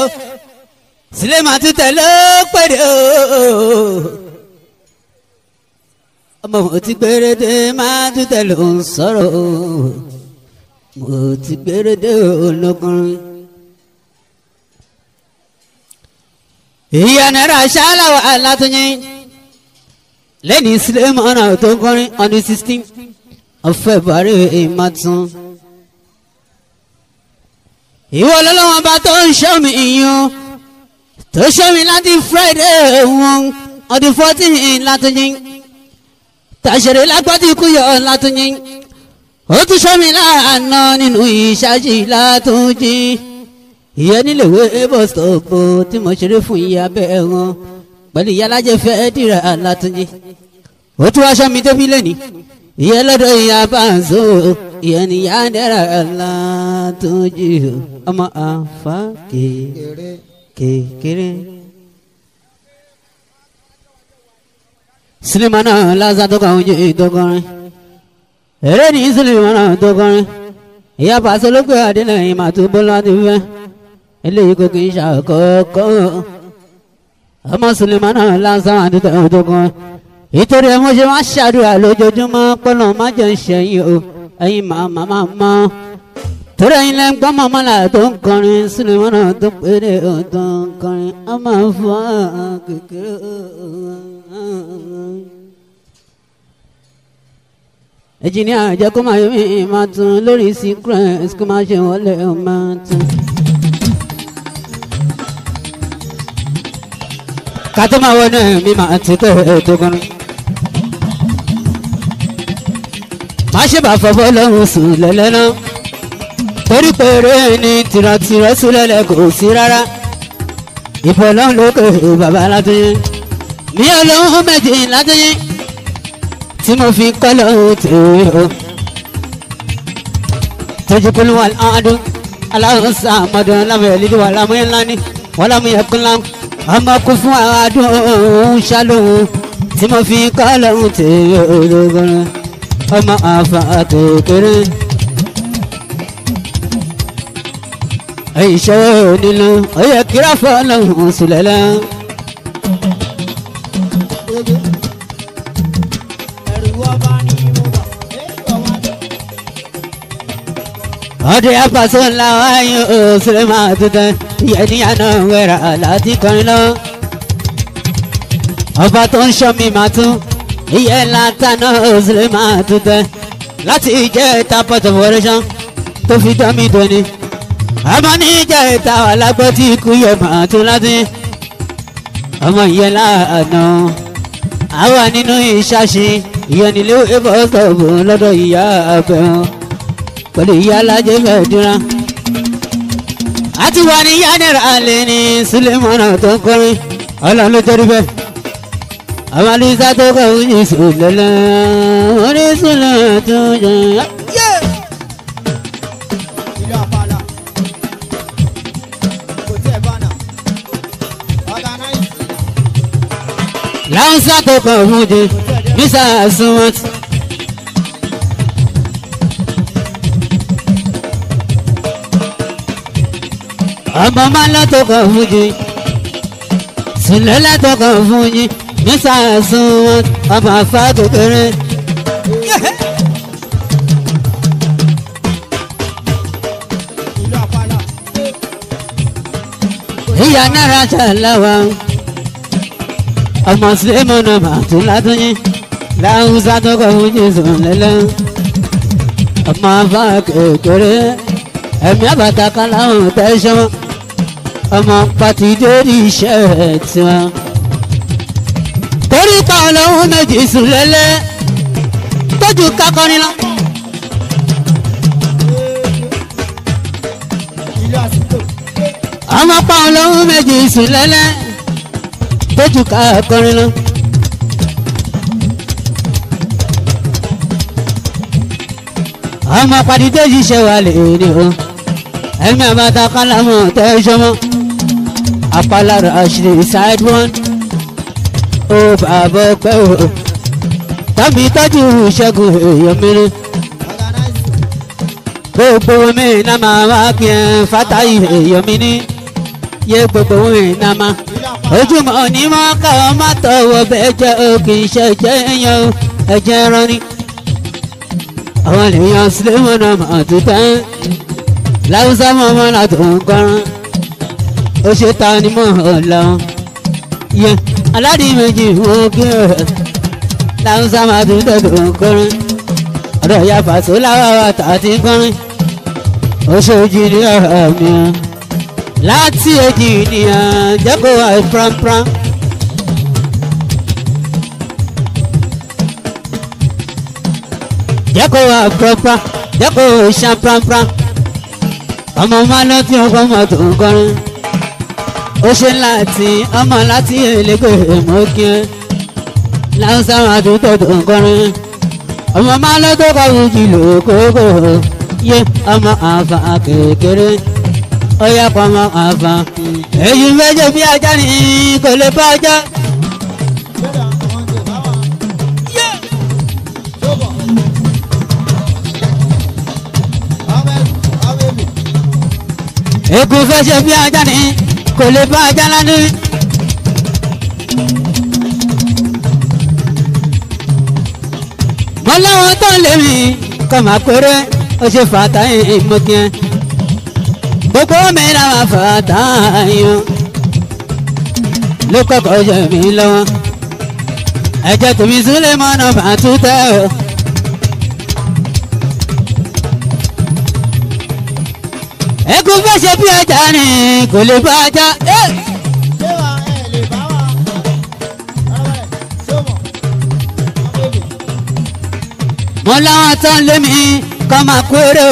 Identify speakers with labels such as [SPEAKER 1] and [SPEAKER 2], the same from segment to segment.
[SPEAKER 1] o sílẹ̀mà tún tẹ̀lé pèrè o. ọmọ mo ti gbèrèdè máa tún tẹ̀lé òun sọ̀rọ̀ o mo ti gbèrèdè olókùnrin. ìyá náírà ṣáláwà alátúnyìn lẹ́ni sílẹ̀mà náà tó ń kọrin ọdún sixteen of February ìmọ̀tún ìwọ lọ́lọ́wọ́n bá tó ń ṣọ́ mi ìyún tó ṣọ́ mi láti friday wọn ọdún fourteen látúnyìn tàṣẹ̀rẹ̀ lágbàdì kúyọ̀ látúnyìn ó tún ṣọ́ mi láàánú nínú ìṣáájì látúnjìn ìyẹn níléèwé bọ́sítọ̀pù tí mo ṣeré fún ìyá bẹ́ẹ̀ wọn pẹ̀lú ìyá alájẹfẹ́ dìrà látúnyìn ó tún wá ṣọ́ mi débi lẹ́ni ìyẹn lọ́dọ̀ ìyá bá ń zó ìyẹn ni yá dára tuju tó jù ọmọ àfa kékeré. silimana laza dọgọrin ju dọgọrin eré ní silimana dọgọrin ìyá pàṣẹ ló gbé adínlẹ̀ ìmà tó bọ́lá ti fẹ́ eléyìí kò kì í ṣàkókò ọmọ silimana laza wà dọgọrin ìtòrí ẹ̀ mo wá ṣàdúrà lójoojúmọ́ pọ́nlọ́ má jẹun ṣẹ́yìn o ẹ̀yin màmá màmá torí ẹ̀yin lẹ́ ń gbọ́ màmá là tó ń kọrin sílẹ̀ wọn náà tó péré tó ń kọrin a máa fọ́ kékeré. èjì ní àjẹ kó máa yọmí máa tún lórí secret kó máa ṣe wọlé máa tún. ká tó máa wọnú ẹ̀mí máa ti tó ètò má ṣe bá fọwọ́ lọ́rùn sùn lẹ́lẹ́ná torí pé ni tìrọ̀tìrọ̀ sùn lẹ́lẹ́ kò sí rárá ìfọlọ́run lókè bàbá látọyé ní ọlọ́run méjì látọyé tí mo fi kọ́ lọ́run tèwé o tójú kúlú wà ládùn aláwọ̀ sàmọ́dún lámúyẹ̀lídì wà lámúyẹ̀láni wọ́n lámúyẹ̀kúnlá ọmọ kún fún àádùn òun ṣálóhun tí mo fi kọ́ lọ́run tèwé ológun. Ama àfà kékeré. ìṣe onílù ọyẹ kíra fọlọ́hún sílẹ̀ lẹ́. ọdẹ apàṣẹ ńlá wáyé òṣèré máa tuntun yẹnìyànà wẹrà láti kọrin lọ. ọba tó iye lantana òsèlémà tuntun láti ìjẹ́ ìta port of operation tó fi dánmí dání ọmọ ní ìjẹ́ ìta alágbó tí ikú yẹ màá tún láti ọmọ ìyẹn láàánú àwa nínú ìṣàṣì ìyẹnìlé ìfọwọ́sọ̀bù lọ́dọ̀ ìyá abẹ́hùn pẹ̀lú ìyá alájẹ́ mẹ́ẹ̀dúrà àti wà ní yánẹ́rà lẹ́ni sílẹ̀ mọ́nà tó ń kọrin ọlọ́run ló torí àwọn alisa tó kọ oyin ìṣòlẹ́lá oníṣòlá tó yẹ. lansa tó kọ ohun di nísà sunwọ̀n. ọmọ máa ń lọ́tọ̀ kọ ohun di sílẹ̀ kọ ohun mẹ́ta ẹ̀sùn wọn ọmọ afá kékeré. ìyá náírà tẹ̀ lẹ́wà ọmọ sílẹ̀mù náà màtó látúnyìn láwùsá tó kọ̀ fún jésù lẹ́lẹ́ ọmọ afá kékeré ẹ̀mí àbàtà kan láwọn tẹ̀ ọmọ pàtìjọ́ ní iṣẹ́ tiwọn ọlọ́run méjì sùn lẹ́lẹ́ tójú kakọrin lọ. ọmọ pa ọlọ́run méjì sùn lẹ́lẹ́ tójú kakọrin lọ. ọmọ padìdé yìí ṣe wà lè ní o ẹ̀mí àbáta kálámù tẹ́ ẹ apá lára àṣírí side one ó bàbá ọpẹ́ o tàbí tọ́jú ìṣẹ́gun èèyàn mìíràn gbogbo mi náà máa wá kí ẹ fátàyè èèyàn mi ní yé gbogbo mi náà máa ojúmọ́ ní mọ́ ká ọ má tọwọ́ bẹ́ẹ̀ jẹ́ o kì í ṣe jẹ́ èèyàn o ẹ̀jẹ̀ ẹran ni àwọn èèyàn sílẹ̀mọ́ náà máa tún tán láwùsá mọ́ ọmọ náà tó ń kọ́ran ó ṣe ta ni mọ́ ọ lọ́wọ́ yẹn aládìmejì wo kí ọ̀rẹ́ làwọn sàmàdù dẹ̀dùn kọrin ọ̀dọ̀ ìyá fàṣọ láwàwà tààtì kọrin oṣooṣi ní ọ̀rọ̀ mi láti èjì nìyàn jẹ́kọ̀ọ́ àìpráńprán. jẹ́kọ̀ọ́ àìpráńprán jẹ́kọ̀ọ́ ìṣàpráńprán ọmọ máa lọ́tí ọkọ̀ mọ̀ tó ń kọrin ó ṣe láti ọmọ láti elégò èmókè láwùsá àdúgbò tó ń kọrin ọmọ máa lọ tó kọ ìjì lókòókò yé ọmọ àfà kékeré ó yẹ kọ ọmọ àfà èyí méje bí ajá ni kò lè bá ajá. Egun fẹ́ bí ajá ni kò lè bá ajá ládé. wọ́n láwọn tó ń lé mi kọ́ máa kórè ó ṣe fàtà yìí mo tiẹ̀. gbogbo mi ra wà fàtà yìí ló kọ́kọ́ ṣe mí lọ́wọ́. ẹ̀jẹ̀ tèmi súlẹ̀ mọ́nà bàtú tẹ́ o. ẹkún fẹ́ ṣe bí ẹja ni kò lè bá ajá. mo láwọn tán lé mi kọ́ máa kúrò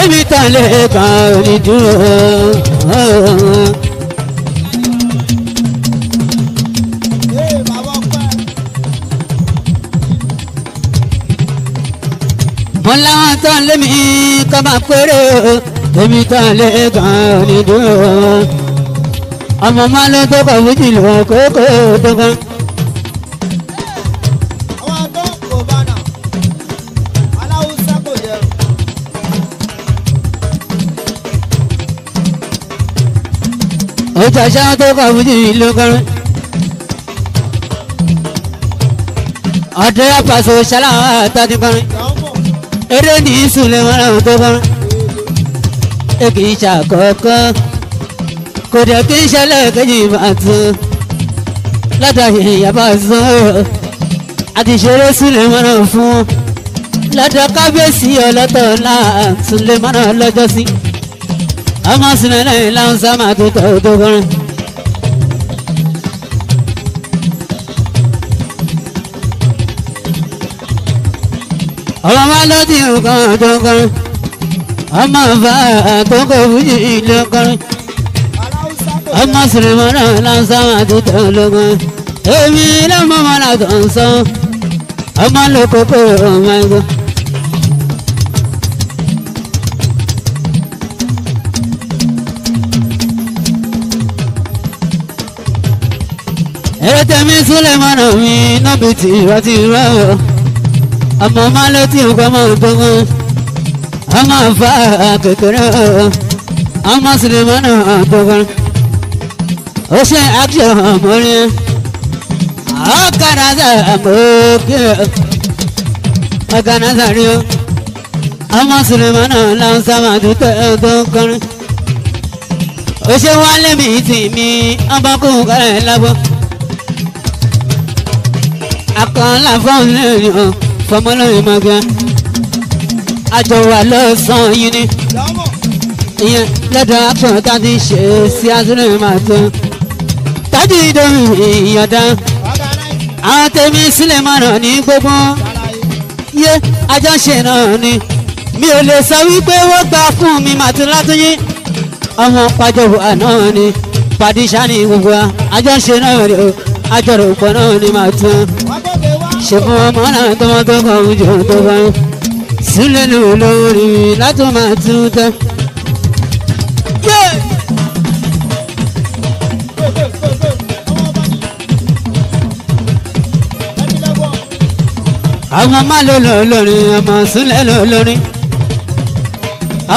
[SPEAKER 1] èmi tán lé e kan ò ní dúró. mo láwọn tán lé mi kọ́ máa kúrò débi tá a lé kàn ní dúró ọmọ máa lé tó kàn fújì lọ kókó tó kàn. ọjà ṣáà tó kàn fújì lọ kàn. ọ̀dẹ́yà pàṣẹ ṣáláwá tá a ti kàn. eré ní sùn lè wọ́n àwọn tó kàn ẹ kì í ṣàkọ́kọ́ kò dẹ̀ kí n ṣẹlẹ̀ kejì máa tún látàrí ìyàbá sọ́ọ́ àti ìṣeré Sulemana fún lọ́dọ̀ kábíyèsí ọlọ́tọ̀ ńlá Sulemana lọ́jọ́ sí ọmọ sinẹlẹ ìlànà máa tó tọ́ tó kọrin. ọmọ máa lọ́dún kan tó kọrin ọmọ ọba àkókò fújì ilé kọrin ọmọ sèrèmọ́nà lásán na ológun èmi lọ́mọ mọ́nà tó ń sọ ọmọ lókòkò ọmọ ẹgbẹ́. èrè tẹ̀mí Sulemana mi náà bí tìrọ̀tìrọ̀ ọmọ máa lé tí nǹkan máa ń gbọ́ngàn ama fa kékeré ama sinimánà gbọ̀ngàn ó ṣe action mọ́ni ọ̀kadà za mọ́kì ọ̀kadà sà rí o ama sinimánà lansama dúpẹ́ gbọ̀ngàn ó ṣe wálé mi tì mí abakùn kárẹ̀ lábọ́ akọ́ńlá fọ́ọ̀nù lẹ́yìn o fọmọlọ́yìn e máa gbẹ́ àjọ wà lọ́sàn-án yìí ni ìyẹn lọ́dọ̀ àpọ̀ta ti ṣe sí àtúnrẹ̀ máa tó tájú ìdòwì ìyọ̀dá àwọn tèmi sílẹ̀ máa ràn ní gbogbo yé àjọṣe náà ni mi ò lè sọ wípé wọ́n gbà fún mi màtún látúnyí ọmọ pàjọ wà náà ni pàdíṣà ní gbogbo àjọṣe náà rè àjọrò pọ̀ náà ni màtún ṣe fún ọmọ náà tọmọ tó kọ̀ ọ́ jù tó bá ń sílẹ̀ ní olórí látọ̀ máa tún tẹ́. àwọn máa lọ lọ lórí ọmọ sílẹ̀ lọ lórí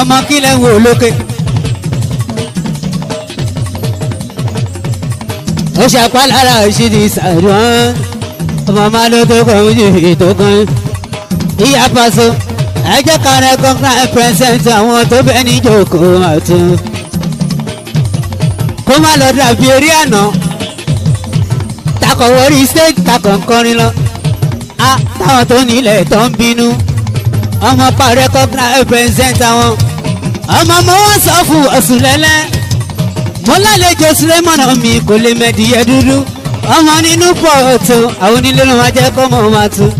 [SPEAKER 1] ọmọ kílẹ̀ wo lókè. ó ṣàpá lára ìṣídìí sàrùn ọmọ máa lọ tó kàn ń yìí tó kàn ń pàṣẹ ẹ jẹ́ ká recognize present àwọn tó bẹ́ẹ̀ ní ìjókòó ọ̀tún kó má lọ dàbí eré àná takọ̀ wọrí stage takọ̀ nkọrin lọ á táwọn tó nílẹ̀ tó ń bínú ọmọ pa recognize present àwọn ọmọ mọ wọn sọ fún ọ̀sùn lẹ́lẹ́ mo lálejò sílẹ̀mọ̀nà mi kò lè mẹ́dìyẹ dúdú ọmọ nínú pọ̀ ọ̀tún àwọn onílé ló máa jẹ́ kọ́mọ máa tún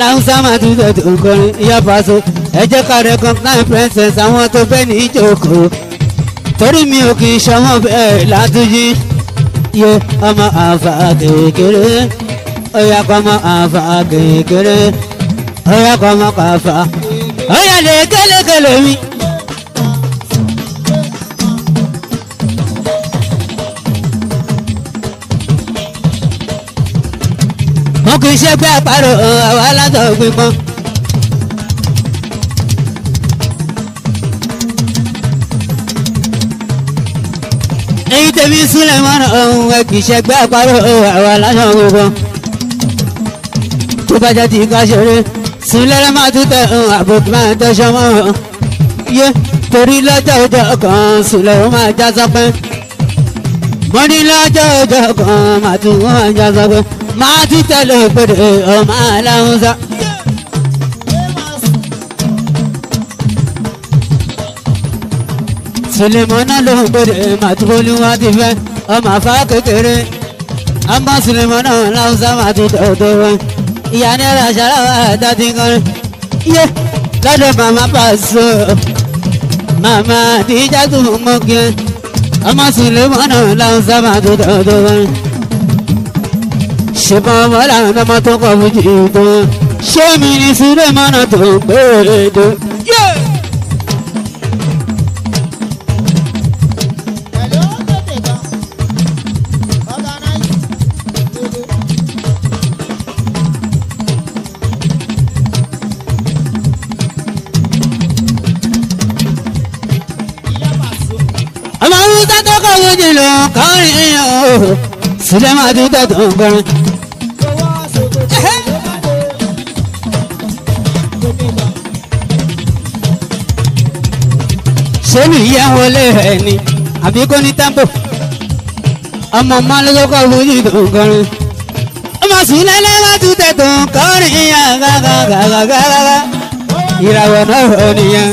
[SPEAKER 1] aláwùsá máa tún tètè òkòrin ìyá Paso ẹ jẹ́ ká recognize princess àwọn tó bẹ́ẹ̀ ní ìjókòó torí mi ò kì í ṣọmọ bẹ́ẹ̀ látúnjí yé ọmọ àfà kékeré ọyà kọmọ àfà kékeré ọyà kọmọ kàfà ọyà lè kélékèlè mi. wọn kì í ṣe pé àparò àwa látọ̀ pípọ́n. èyí tèmi súnlẹ̀ mọ́nà ọ̀hún ẹ kì í ṣe pé àparò àwa látọ̀ pípọ́n. tó bá jẹ́ ti ká ṣeré súnlẹ̀ rẹ̀ máa tún tẹ̀ ọ̀hún máa tẹ̀ ṣọmọ́ yé torí lọ́jọ́ ọjọ́ kan súnlẹ̀ máa já sọ́pẹ́. mo lọ́jọ́ ọjọ́ kan màtún máa já sọ́pẹ́. Mati talo pere o malamza. Sulemana lo pere matbolu adive o mafa kekere. Amma Sulemana lauza mati dodo. Yani rajala dadi kore. Ye lado mama paso. Mama dija tu Sulemana lauza Shibamala na matoka bujido Shemini sire mana tumberedo Yeah! Ọlọ́run tó kọ́kọ́ wọ́n jùlọ kọrin ọ̀hún sílẹ̀ máa ti tẹ̀ tó ń gbẹrin. ṣé nìyẹn wọlé ẹ ni àbí kò ní tẹ́ḿpò ọmọ ọmọ lọ́sọ́kọ̀ lójú tó ń gbẹrin. ọmọ sílẹ̀ lẹ́wọ́n ti tẹ̀ tó ń kọrin yàn gàgàgàgàgà ìràwọ̀ náà ò nìyẹn.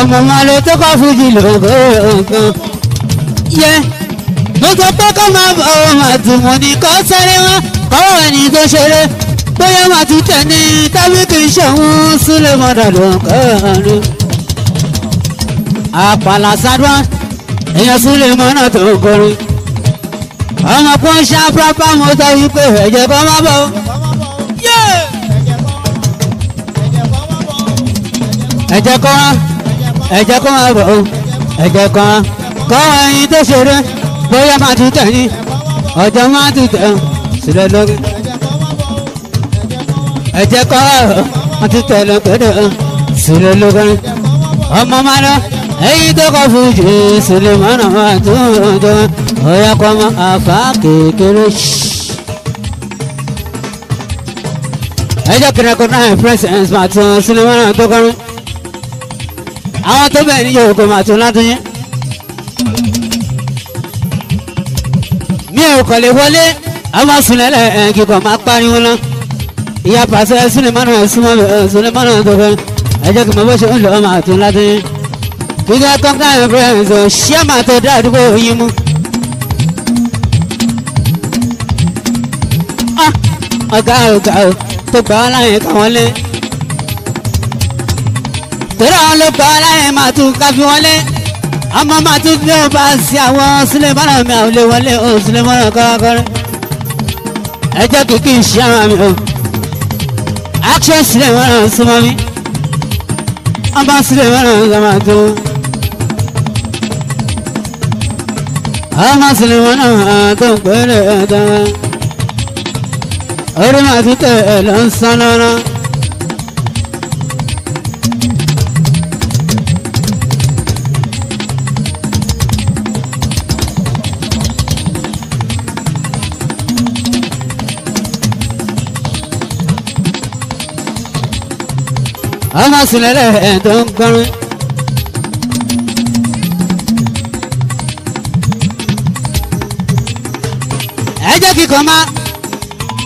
[SPEAKER 1] ọmọ wọn lè tó kọ́ fújì lóko ògùn yẹ mo sọ pé kó máa bọ̀ ọ́ máa tù mọ́ ní kó sẹ́rẹ́ wọn kọ́wọ́ ẹni tó ṣeré bóyá máa ti tẹ̀ ní tábìkì ṣòun sílẹ̀ mọ́dà lóko àpàlà sádùá èèyàn sílẹ̀ mọ́nà tó ń ọmọ kó ń ṣàpápá mo sọ wípé ẹ̀jẹ̀ bọ́ má bọ̀ ẹ̀jẹ̀ kọ́ wá ẹ̀jẹ̀ kọ́ máa bọ̀ o ẹ̀jẹ̀ kan kọ́ ẹyin tó ṣeré bóyá máa ti tẹ̀ ní ọjọ́ máa ti tẹ̀ ọ́ sílẹ̀ lórí ẹ̀jẹ̀ kọ́ ọ ti tẹ̀ lọ pé ọ sílẹ̀ lórí ọmọ máa lọ ẹyin tó kọ fún jù sílẹ̀ mọ́nà máa tó ọjọ́ ọyá kọ́ mọ́ àfá kékeré ẹjọ́ kìnnìkan náà president máa tún sílẹ̀ mọ́nà tó kọrin àwọn tó bẹ̀ ní yòókù máa tún látún yín. mi ò kọ̀ lè wọlé àwọn asùnlẹ̀lẹ̀ ẹ̀ kíkọ̀ máa pariwo náà ìyá pàṣẹ sulemana sulemana tó fẹ́ ẹ jẹ́ kí mo bó ṣe ń lọ́ máa tún látún yín. kíkẹ́ kọ́ńtà ẹ̀ fẹ́ràn sọ ṣíà máa tó dá àdúgbò yín mú. Ah, ọ̀gá ọ̀gá tó gbà wọ́n láyé káwọn lé tẹ̀rọ ló pa aláyẹ̀ máa tún ká fi wọlé ọmọ máa tún gbé ọba sí àwọn sílẹ̀ mọ́nà mi àwọn olè wọlé o sílẹ̀ mọ́nà kọ́kọ́rẹ́ ẹ jẹ́ kí kí n ṣe ara mi o action sílẹ̀ mọ́nà súnmọ́ mi ọba sílẹ̀ mọ́nà gbàmà tó ọmọ sílẹ̀ mọ́nà tó ń pèrè ẹ̀dá orí màá tún tẹ̀ ẹ̀ lọ́sàn-án ọmọ sílẹ̀lẹ̀ ẹ̀ tó ń gbọ́rin. ẹ jẹ́ kí kàn máa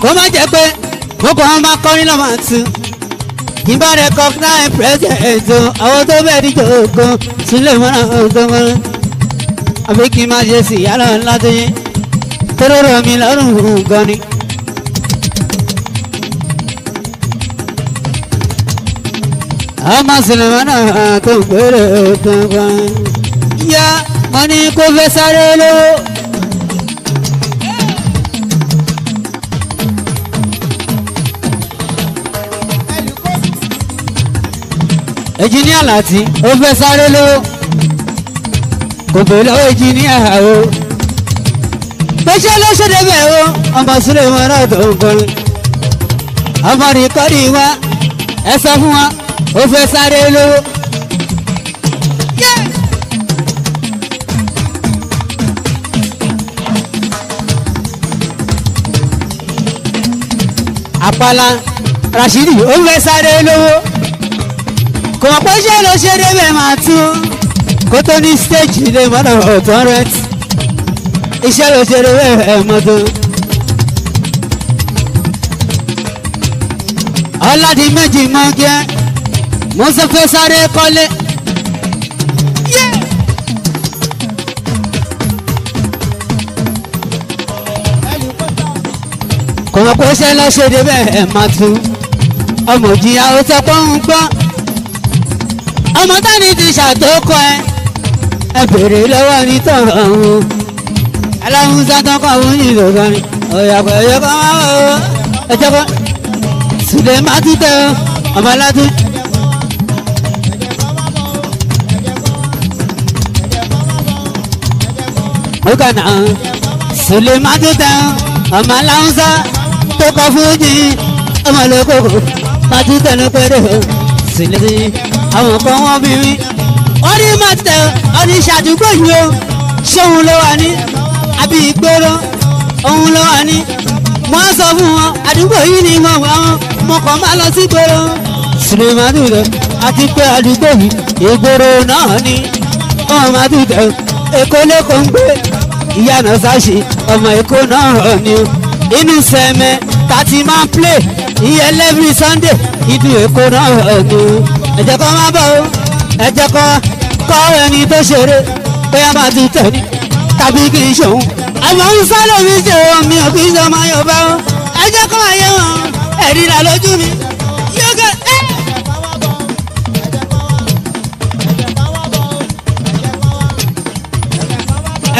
[SPEAKER 1] kó má jẹ́ pé mo kàn máa kọrin lọ́mọ tu kí n bá rẹ kọ náà president àwọn tó bẹ́ẹ̀ díjọ ogun sílẹ̀ mọ́ra ọgbọ́n àbí kí n má ṣe sí yàrá ńlá tó yẹ tó mi lọ́rùn gan ni. ọmọ sinimá náà tó ń gbére òtún kan. yá mo ní kó fẹ́ sáré lówó. ẹjìníà láti ó fẹ́ sáré lówó. kò pè lọ́wọ́ ẹjìníà o. pẹ́ṣẹ́ ló ṣe débẹ̀ o ọmọ sinimá wa ẹ sọ wa ó fẹ́ sáré lówó. àpàlà Rashidi ó fẹ́ sáré lówó kò mọ̀ pé ṣé ló ṣe débẹ̀ máa tún kó tó ní stéèjì ilé ìmọ̀ràn ọ̀tọ̀ rẹ̀ iṣẹ́ ló ṣe débẹ̀ máa tún. mọ́ gẹ́ mo ṣe fẹ́ sáré kọ́lé. kọ̀mọ̀pọ̀ ṣe ń lọ ṣe débẹ̀ ẹ̀ máa tu ọmọ òjìyà ó sọ pé ń gbọ́ ọmọ tani ti ṣàtòkọ ẹ ẹ bèrè lọ́wọ́ ní tọ̀rọ̀ ọ̀hún aláwọn sátọ́kọ̀ ọ̀hún yìí ló sọ ni ọ̀yàpọ̀ ẹ̀yọ́ kọ́ máa wọ̀ ọ́ ẹ̀jẹ̀ kọ́ sùlẹ̀ má tún tẹ ọmọ aládùn. òkànà Suleiman Tutan ọmọ aláwùsá to kafuji. Amaloko ọmọ lókòkò pàtó tẹnu péré sílẹ̀ àwọn kan wọ́n ori shaju wọ́n ní má tẹ ọdún ìṣàdúgbò yìí o ṣóun ló wà ní àbí ìgboro òun ló wà ní. mo sọ fún wọn àdúgbò yìí ni mo wà wọn mo kàn má lọ sí ìgboro. Suleiman Tutan àti pé àdúgbò yìí ìgboro náà ni ọmọ àdúgbò èkó lẹ́kọ̀ọ́ ń gbé ìyá náà sáṣe ọmọ èkó náà ni inú sẹmẹ tàti máa ń play ìyẹn every Sunday inú èkó náà ni ẹ̀jẹ̀ kan máa bọ̀ ọ́ ẹ̀jẹ̀ kan kọ́ ẹni tó ṣeré bóyá máa ti tẹ̀ ní tàbí kì í ṣòun. àmọ́ ń sálọ̀ mi ṣe omi òkú ìṣọmọ Yorùbá ẹ̀jẹ̀ kan ayé wọn ẹ̀rí ra lójú mi.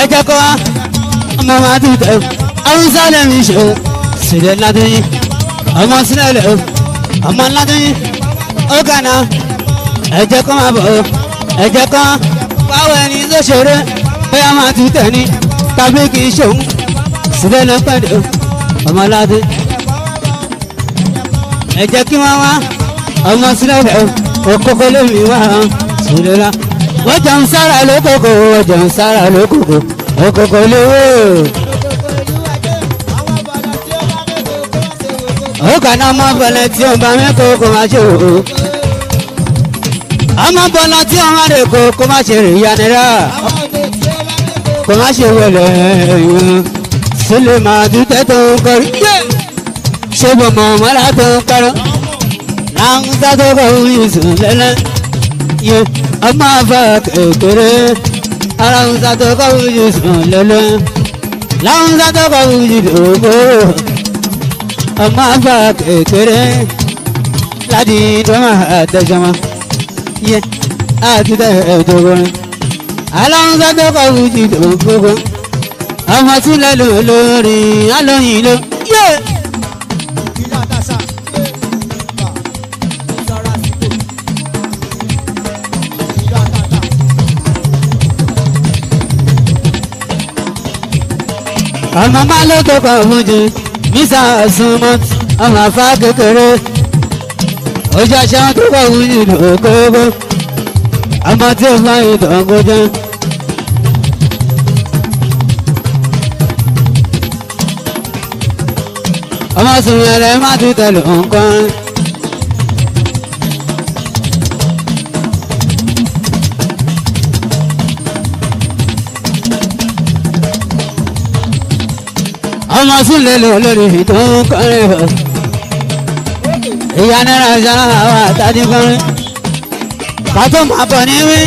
[SPEAKER 1] ẹ jẹ́ kó wá ọmọ wa ti tẹ̀ haúsá lẹ́mí ṣe o ṣèlè ládùn ọmọ sílẹ̀ o ọmọ ládùn ó gànà ẹ jẹ́ kó máa bọ̀ o ni tàbí kì í ṣòun sílẹ̀ lọ́pẹ̀lẹ̀ o ọmọ ládùn ẹ jẹ́ kí o òkókó lèmi wá sílẹ̀ wọ́n jọ ń sára lókòkò wọ́n jọ ń sára lókòkò òkòkò lówó. ó kàná ọmọ bọ̀lá tí ó bá mi kó kó má ṣe òkò. ọmọ bọ̀lá tí ó má rè kó kó má ṣe rìn yanira kó má ṣe wọlé ẹ̀yìn sílẹ̀ máa dúdẹ́ tó ń kọrí. ṣé gbọ̀mọ̀ mọ́ra tó ń kọrọ. láǹtà tó kọ̀ ń yùn sùn lẹ́lẹ́ ọmọ afọk òkèrè ara ń sàtọ kọ́wé ju sàn lọ́lọ́ láwọn sàtọ kọ́wé ju òkò ọmọ afọk òkèrè láti dọ́mà àtẹ̀sọ́mọ yẹ àtúntẹ̀ ẹ̀dọ́gbọ́n aláwọn sàtọ kọ́wé ju òkò ọmọ tún lẹ́nu alóyin ló yẹ. ìlú àtàṣà. ọmọ má ló tó kọ òun jù mísà súnmọ́ ọmọ afá kékeré ojú aṣọ tó kọ òun jù ní òkóbó ọmọ tí ó máa yìí tàn ọmọ sùn yẹn rẹ má ti tẹ̀lé nǹkan. ọmọ súnlẹ̀ lò lórí tó ń kọrin bọ̀. ìyá náírà ìṣáná àwọn àtàdé kọrin. pàtó máa bọ̀ ní wí.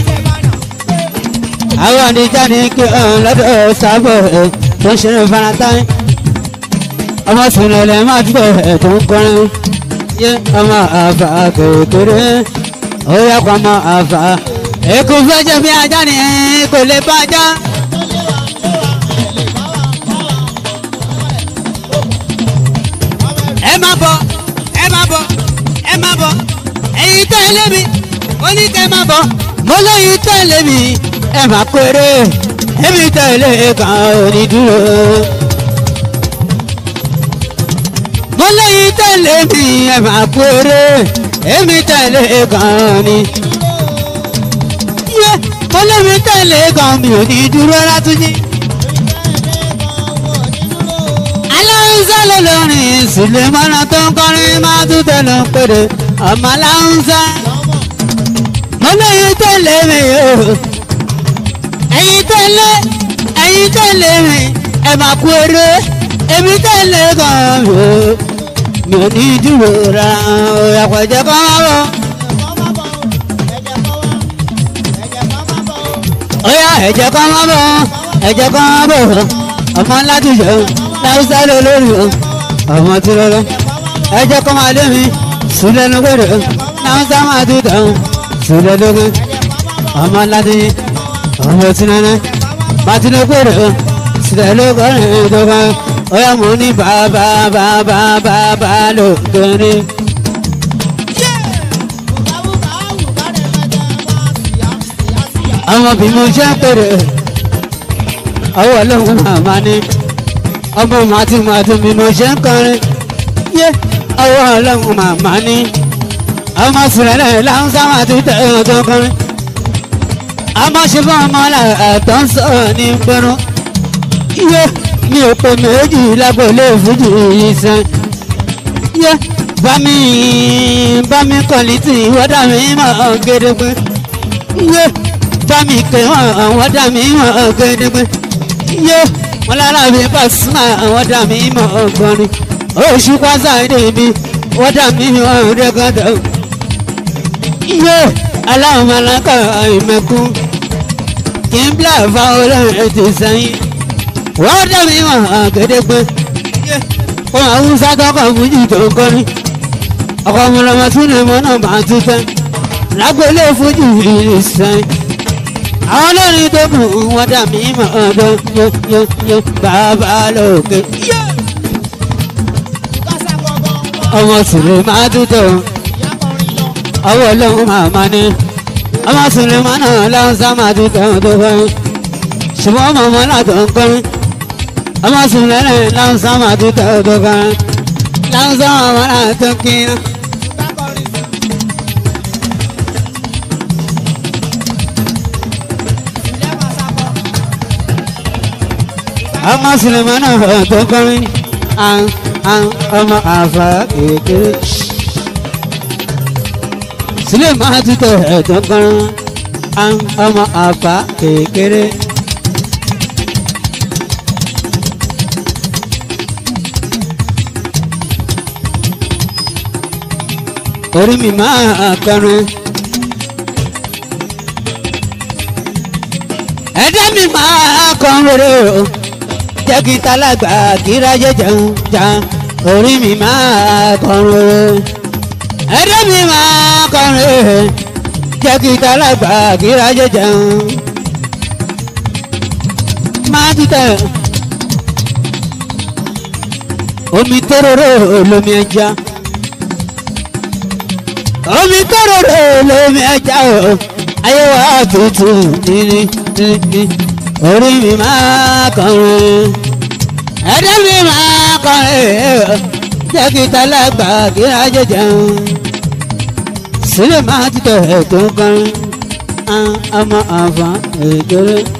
[SPEAKER 1] àwọn àdìjá ni kí ọ̀hún lọ́dọ̀ sábọ̀ ẹ̀ tó ṣe é faratáì. ọmọ súnlẹ̀ lè má dúró ẹ̀ tó ń kọrin. yé ọmọ àfà kékeré ó yẹ kó ọmọ àfà. èkó fẹ́ jẹ́ bí ajá ni kò lè bá ajá. ẹ má bọ̀ ẹ má bọ̀ ẹ má bọ̀ ẹ̀yin tó ẹ lémi ó ní kẹ́ má bọ̀ mo lóyin tó ẹ lémi ẹ má péré èmi tó ẹ lé e kan ò ní dúró. mo lóyin tó ẹ lémi ẹ má péré èmi tó ẹ lé e kan ò ní. mo lóyin tó ẹ lé e kan mi ò ní dúró rátúnyí. aláwùsá ló lórin Sulemana tó ń kọrin máa tún tẹnu péré ọmọ aláwùsá mo lóyún tó lé mi o ẹ̀yin tó lé ẹ̀yin tó lé mi ẹ máa kú eré èmi tó lé gan o mi ò ní dúró ra òyà pẹ̀jẹ̀ kan wá bọ̀. ọ̀yà ẹ̀jẹ̀ kan wá bọ̀ ẹ̀jẹ̀ kan wá bọ̀ ọmọ ńlá tún jẹun láwùsá ló o ọmọ tí lọ́lọ́ ẹ jẹ́ kó máa lé mi sílẹ̀ lọ́gọ́dẹ̀ o láwùsá máa tún tàn o sílẹ̀ lọ́gọ́ ọmọ láti yín ọmọ tí nánà màtí lọ́gọ́dẹ̀ o sílẹ̀ lọ́gọ́dẹ̀ o tó bá ọyá mo ní bàbá bàbá bàbá lọ́gọ́dẹ̀. àwọn bí mo jẹ́ pẹ̀rẹ̀ ọwọ́ ọlọ́run màmá ni ọmọ màtí màtí mi mo ṣe ń kọrin yé ọwọ́ ọlọ́run màmá ní ọmọ sùrẹ́lẹ̀ láwùsá màtí tẹ̀ ẹ́ tó kọrin ọmọ ṣe fún ọmọ àtọ́ ń sọ̀rọ̀ ní gbẹ́rún yé mi ò pè méjì lágbòlé fújì yìí sàn yé bámi bámi kọ̀lìtì wọ́dà mi mọ̀ gẹ́dẹ́gbẹ́ yé bámi kẹ́ wọ́n wọ́dà mi mọ̀ gẹ́dẹ́gbẹ́ yé wọn lára mi Pasuma wọ́n dà mí mọ́ ọgbọ́n ni oṣù kwasa èdè mi wọ́n dà mí ọ̀hún dẹ́gbẹ́dẹ́ o. iye aláwọ̀ malaka àìmẹ́kú kì í bla fa olórin ti sẹ́yìn wọ́n dà mí mọ́ àgẹ́dẹ́gbẹ́ wọn àwùsá tọkọ fújì tó ń kọrin ọkọ ọmọlọmọ tún lè mọ náà bá tún tẹ lágbélé fújì ìrìn sẹ́yìn àwọn olórin tó bù wọn dà mí mọ́ ọdún yó yó yó bàbá lókè. ọmọ sùlẹ̀ máa dúdọ̀ ọwọ́ ọlọ́run màmá ni ọmọ sùlẹ̀ máa náà lọ́sà máa dúdọ̀ tó fẹ́ ṣùgbọ́n ọmọ ọmọ náà tó ń pẹ́ ọmọ sùlẹ̀ lọ́sà máa dúdọ̀ tó fẹ́ lọ́sà máa náà tó kí Ama silimana sinimánà tó kọrin ọmọ ama kéèké sinimá silimana tẹ tó kọrin ama àfà kékeré. orí mi máa kọrin. ẹ̀dá mi máa kọrin rere o jẹ́ kí tálágbà kíra jẹjẹ ń jà orí mi máa kọrin ẹ̀dá mi máa kọrin jẹ́ kí tálágbà kíra jẹjẹ ń. máa dúdẹ̀ omi tóróró lómi ẹja omi tóróró lómi ẹja o ayé wa tutù nínú nínú orí mi máa kọrin ẹ̀dá mi máa kọrin jẹ́ kí tálágbà kí ajé jẹun sílẹ̀ máa ti tẹ̀ ẹ̀ tó ń kọrin ọmọ àǹfà èdè rẹ̀.